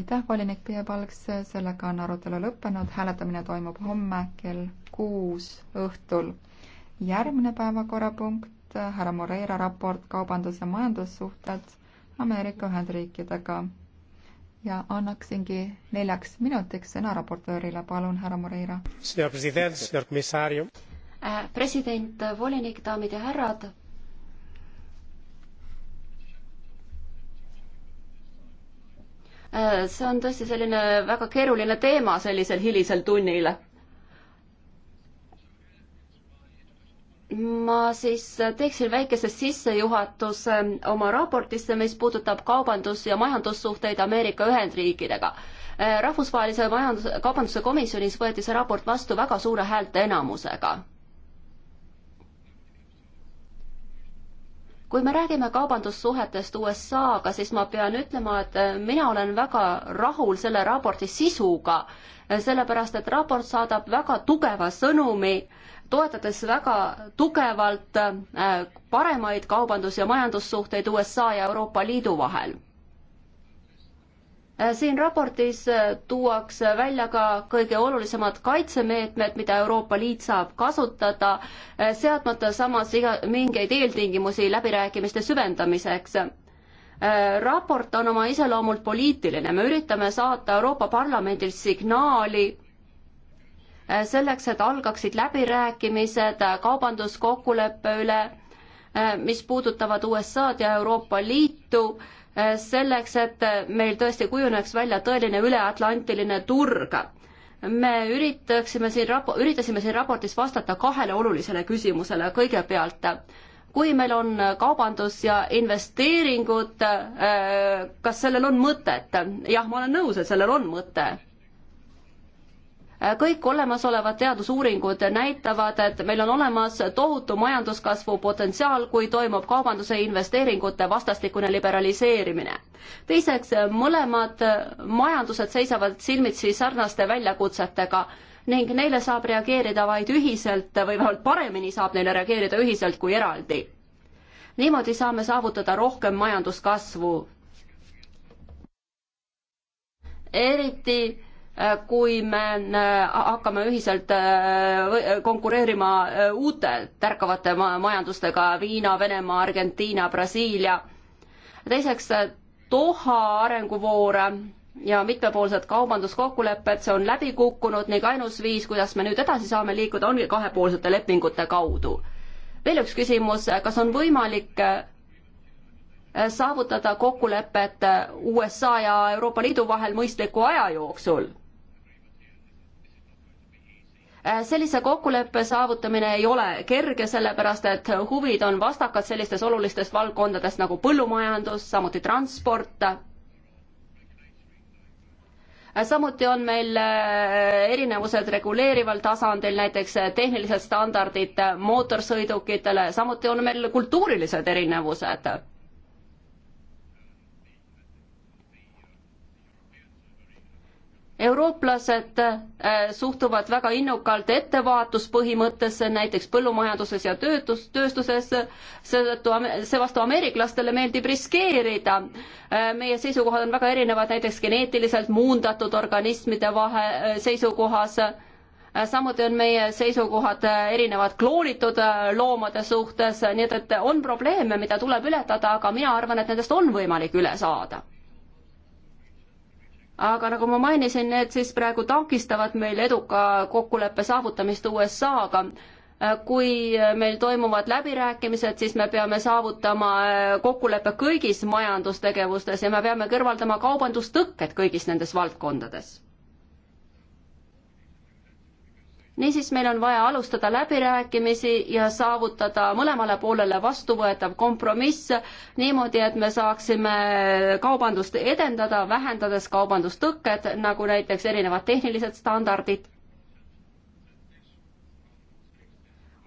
aitäh, volinik Piia Palks, sellega on arutelu lõppenud, hääletamine toimub homme kell kuus õhtul. järgmine päevakorrapunkt, härra Moreira raport Kaubandus- ja majandussuhted Ameerika Ühendriikidega. ja annaksingi neljaks minutiks sõna raportöörile, palun, härra Moreira. Äh, president, volinik, daamid ja härrad Äh, see on tõesti selline väga keeruline teema sellisel hilisel tunnil. ma siis teeksin väikese sissejuhatuse oma raportisse, mis puudutab kaubandus- ja majandussuhteid Ameerika Ühendriikidega. Äh, rahvusvahelise majandus, kaubanduse komisjonis võeti see raport vastu väga suure häälteenamusega kui me räägime kaubandussuhetest USA-ga, siis ma pean ütlema, et äh, mina olen väga rahul selle raporti sisuga, äh, sellepärast et raport saadab väga tugeva sõnumi, toetades väga tugevalt äh, paremaid kaubandus- ja majandussuhteid USA ja Euroopa Liidu vahel Äh, siin raportis äh, tuuakse välja ka kõige olulisemad kaitsemeetmed, mida Euroopa Liit saab kasutada, äh, seadmata samas iga, mingeid eeltingimusi läbirääkimiste süvendamiseks. raport on oma iseloomult poliitiline, me üritame saata Euroopa Parlamendilt signaali, selleks, et algaksid läbirääkimised kaubanduskokkuleppe üle Äh, mis puudutavad USA-d ja Euroopa Liitu, äh, selleks, et meil tõesti kujuneks välja tõeline üleatlantiline turg. me üritaksime siin rapo-, üritasime siin raportis vastata kahele olulisele küsimusele, kõigepealt kui meil on kaubandus ja investeeringud, äh, kas sellel on mõtet? jah, ma olen nõus, et sellel on mõte kõik olemasolevad teadusuuringud näitavad, et meil on olemas tohutu majanduskasvu potentsiaal, kui toimub kaubanduse investeeringute vastastikune liberaliseerimine. teiseks, mõlemad majandused seisavad silmitsi sarnaste väljakutsetega ning neile saab reageerida vaid ühiselt või vähemalt paremini saab neile reageerida ühiselt kui eraldi. niimoodi saame saavutada rohkem majanduskasvu. eriti Äh, kui me äh, hakkame ühiselt äh, konkureerima uute tärkavate majandustega Hiina, Venemaa, Argentiina, Brasiilia. teiseks Doha arenguvoor ja mitmepoolsed kaubanduskokkulepped, see on läbi kukkunud ning ainus viis, kuidas me nüüd edasi saame liikuda, ongi kahepoolsete lepingute kaudu. veel üks küsimus, kas on võimalik saavutada kokkulepet USA ja Euroopa Liidu vahel mõistliku aja jooksul? Äh, sellise kokkuleppe saavutamine ei ole kerge, sellepärast et huvid on vastakad sellistes olulistes valdkondades nagu põllumajandus, samuti transport. Äh, samuti on meil äh, erinevused reguleerival tasandil, näiteks tehnilised standardid mootorsõidukitele, samuti on meil kultuurilised erinevused eurooplased äh, suhtuvad väga innukalt ettevaatuspõhimõttesse näiteks põllumajanduses ja töötus, tööstuses, seetõttu, seevastu ameeriklastele meeldib riskeerida. Äh, meie seisukohad on väga erinevad näiteks geneetiliselt muundatud organismide vahe äh, seisukohas samuti on meie seisukohad erinevad kloonitud loomade suhtes, nii et, et on probleeme, mida tuleb ületada, aga mina arvan, et nendest on võimalik üle saada aga nagu ma mainisin, need siis praegu takistavad meil eduka kokkuleppe saavutamist USA-ga kui meil toimuvad läbirääkimised, siis me peame saavutama äh, kokkuleppe kõigis majandustegevustes ja me peame kõrvaldama kaubandustõkked kõigis nendes valdkondades niisiis, meil on vaja alustada läbirääkimisi ja saavutada mõlemale poolele vastuvõetav kompromiss niimoodi, et me saaksime kaubandust edendada, vähendades kaubandustõkked, nagu näiteks erinevad tehnilised standardid.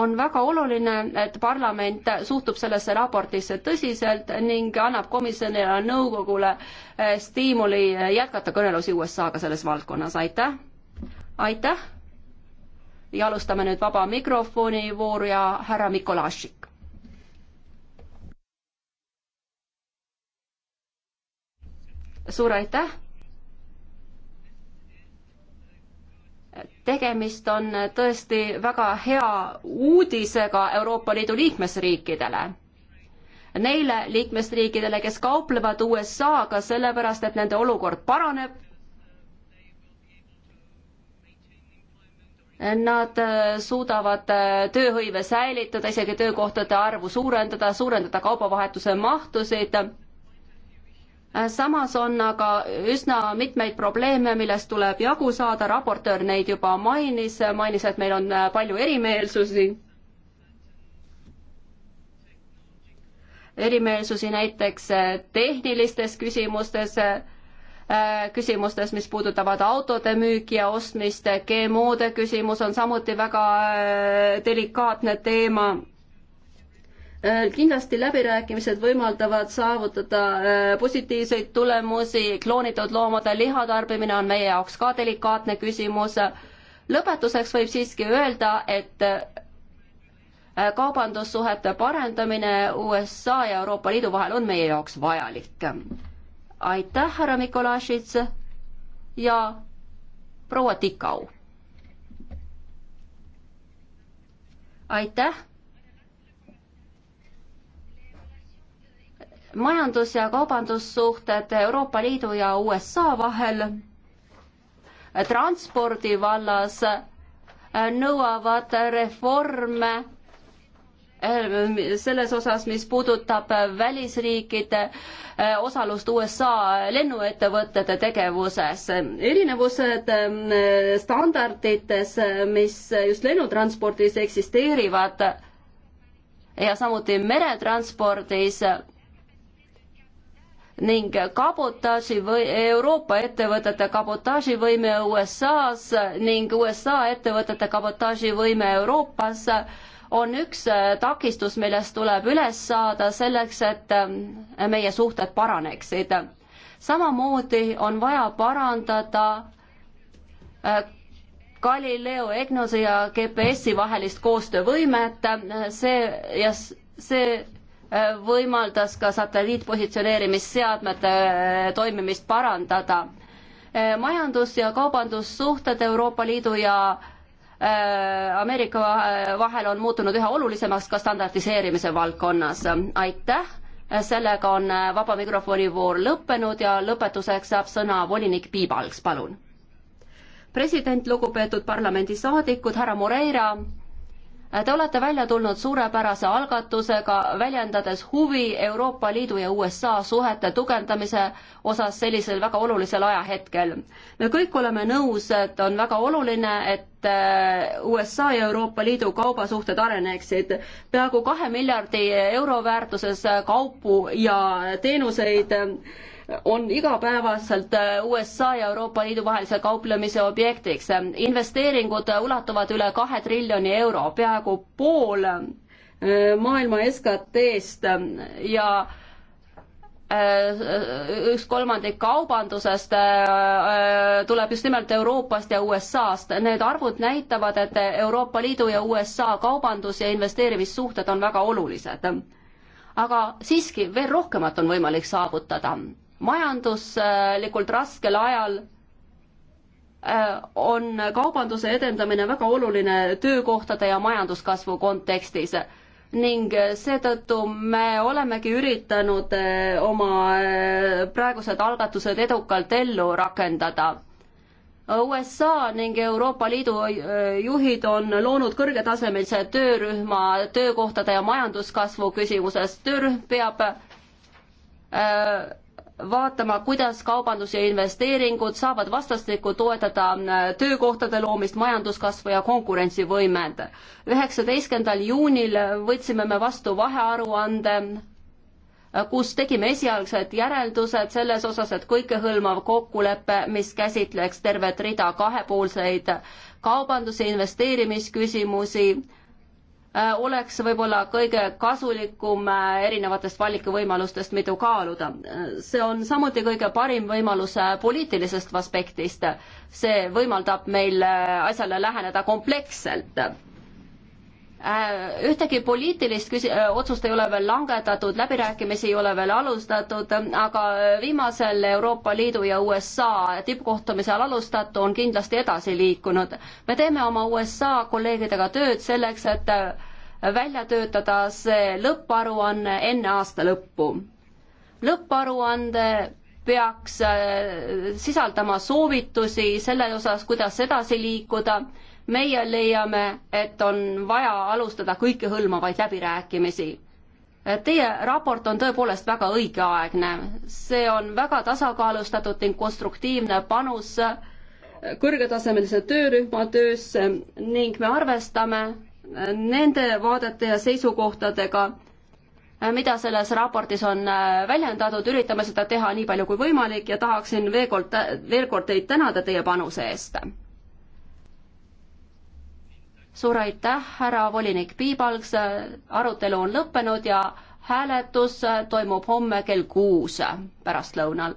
on väga oluline, et parlament suhtub sellesse raportisse tõsiselt ning annab komisjonile ja nõukogule eh, stiimuli jätkata kõnelusi USA-ga selles valdkonnas, aitäh! aitäh! ja alustame nüüd vaba mikrofoni vooru ja härra Mikolašik. suur aitäh. tegemist on tõesti väga hea uudisega Euroopa Liidu liikmesriikidele neile liikmesriikidele, kes kauplevad USA-ga sellepärast, et nende olukord paraneb Nad äh, suudavad äh, tööhõive säilitada, isegi töökohtade arvu suurendada, suurendada kaubavahetuse mahtusid. Äh, samas on aga üsna mitmeid probleeme, millest tuleb jagu saada, raportöör neid juba mainis, mainis, et meil on palju erimeelsusi erimeelsusi näiteks tehnilistes küsimustes, Äh, küsimustes, mis puudutavad autode müüki ja ostmist, GMO-de küsimus on samuti väga äh, delikaatne teema äh, kindlasti läbirääkimised võimaldavad saavutada positiivseid tulemusi, kloonitud loomade liha tarbimine on meie jaoks ka delikaatne küsimus. lõpetuseks võib siiski öelda, et kaubandussuhete parendamine USA ja Euroopa Liidu vahel on meie jaoks vajalik aitäh, härra Mikolašits ja proua Tikau. aitäh majandus- ja kaubandussuhted Euroopa Liidu ja USA vahel transpordi vallas nõuavad reforme Äh, selles osas, mis puudutab äh, välisriikide äh, osalust USA lennuettevõtete tegevuses. erinevused ähm, standardites, mis just lennutranspordis eksisteerivad ja samuti meretranspordis ning kabotaaži või Euroopa ettevõtete kabotaaživõime USA-s ning USA ettevõtete kabotaaživõime Euroopas on üks äh, takistus, millest tuleb üles saada selleks, et ähm, meie suhted paraneksid. samamoodi on vaja parandada äh, Galileo EGNOS-e ja GPS-i vahelist koostöövõimet, äh, see ja see võimaldas ka satelliitpositsioneerimisseadmete toimimist parandada. majandus- ja kaubandussuhted Euroopa Liidu ja Äh, Ameerika äh, vahel on muutunud üha olulisemaks ka standardiseerimise valdkonnas. aitäh, sellega on äh, vaba mikrofoni voor lõppenud ja lõpetuseks saab sõna volinik Piibalgs, palun. president, lugupeetud parlamendisaadikud, härra Moreira Äh, te olete välja tulnud suurepärase algatusega, väljendades huvi Euroopa Liidu ja USA suhete tugevdamise osas sellisel väga olulisel ajahetkel. me kõik oleme nõus, et on väga oluline, et äh, USA ja Euroopa Liidu kaubasuhted areneksid. peaaegu kahe miljardi euro väärtuses kaupu ja teenuseid on igapäevaselt äh, USA ja Euroopa Liidu vahelise kauplemise objektiks. investeeringud äh, ulatuvad üle kahe triljoni euro, peaaegu pool äh, maailma SKT-st ja üks kolmandik kaubandusest tuleb just nimelt Euroopast ja USA-st. Need arvud näitavad, et Euroopa Liidu ja USA kaubandus- ja investeerimissuhted on väga olulised. aga siiski veel rohkemat on võimalik saavutada majanduslikult raskel ajal äh, on kaubanduse edendamine väga oluline töökohtade ja majanduskasvu kontekstis ning seetõttu me olemegi üritanud äh, oma äh, praegused algatused edukalt ellu rakendada. USA ning Euroopa Liidu juhid on loonud kõrgetasemelise töörühma töökohtade ja majanduskasvu küsimuses. töörühm peab äh, vaatama, kuidas kaubandus ja investeeringud saavad vastastikku toetada äh, töökohtade loomist, majanduskasvu ja konkurentsivõimed. üheksateistkümnendal juunil võtsime me vastu vahearuande, äh, kus tegime esialgsed järeldused selles osas, et kõikehõlmav kokkulepe, mis käsitleks tervet rida kahepoolseid kaubandus- ja investeerimisküsimusi, Äh, oleks võib-olla kõige kasulikum äh, erinevatest valikuvõimalustest mitu kaaluda. Äh, see on samuti kõige parim võimalus poliitilisest aspektist. see võimaldab meil asjale läheneda kompleksselt Äh, ühtegi poliitilist küsi-, äh, otsust ei ole veel langetatud, läbirääkimisi ei ole veel alustatud, aga äh, viimasel Euroopa Liidu ja USA tippkohtumisel alustatu on kindlasti edasi liikunud. me teeme oma USA kolleegidega tööd selleks, et välja töötada see lõpparuanne enne aasta lõppu. lõpparuande peaks sisaldama soovitusi selle osas, kuidas edasi liikuda meie leiame, et on vaja alustada kõikehõlmavaid läbirääkimisi. Teie raport on tõepoolest väga õigeaegne, see on väga tasakaalustatud ning konstruktiivne panus kõrgetasemelise töörühma töösse ning me arvestame nende vaadete ja seisukohtadega, mida selles raportis on väljendatud, üritame seda teha nii palju kui võimalik ja tahaksin veel kord, veel kord teid tänada teie panuse eest suur aitäh, härra volinik Piibalgs, arutelu on lõppenud ja hääletus toimub homme kell kuus pärastlõunal.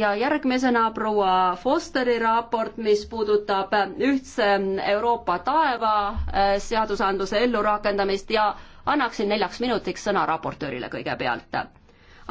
ja järgmisena proua Fosteri raport, mis puudutab ühtse Euroopa taeva äh, seadusandluse ellurakendamist ja annaksin neljaks minutiks sõna raportöörile kõigepealt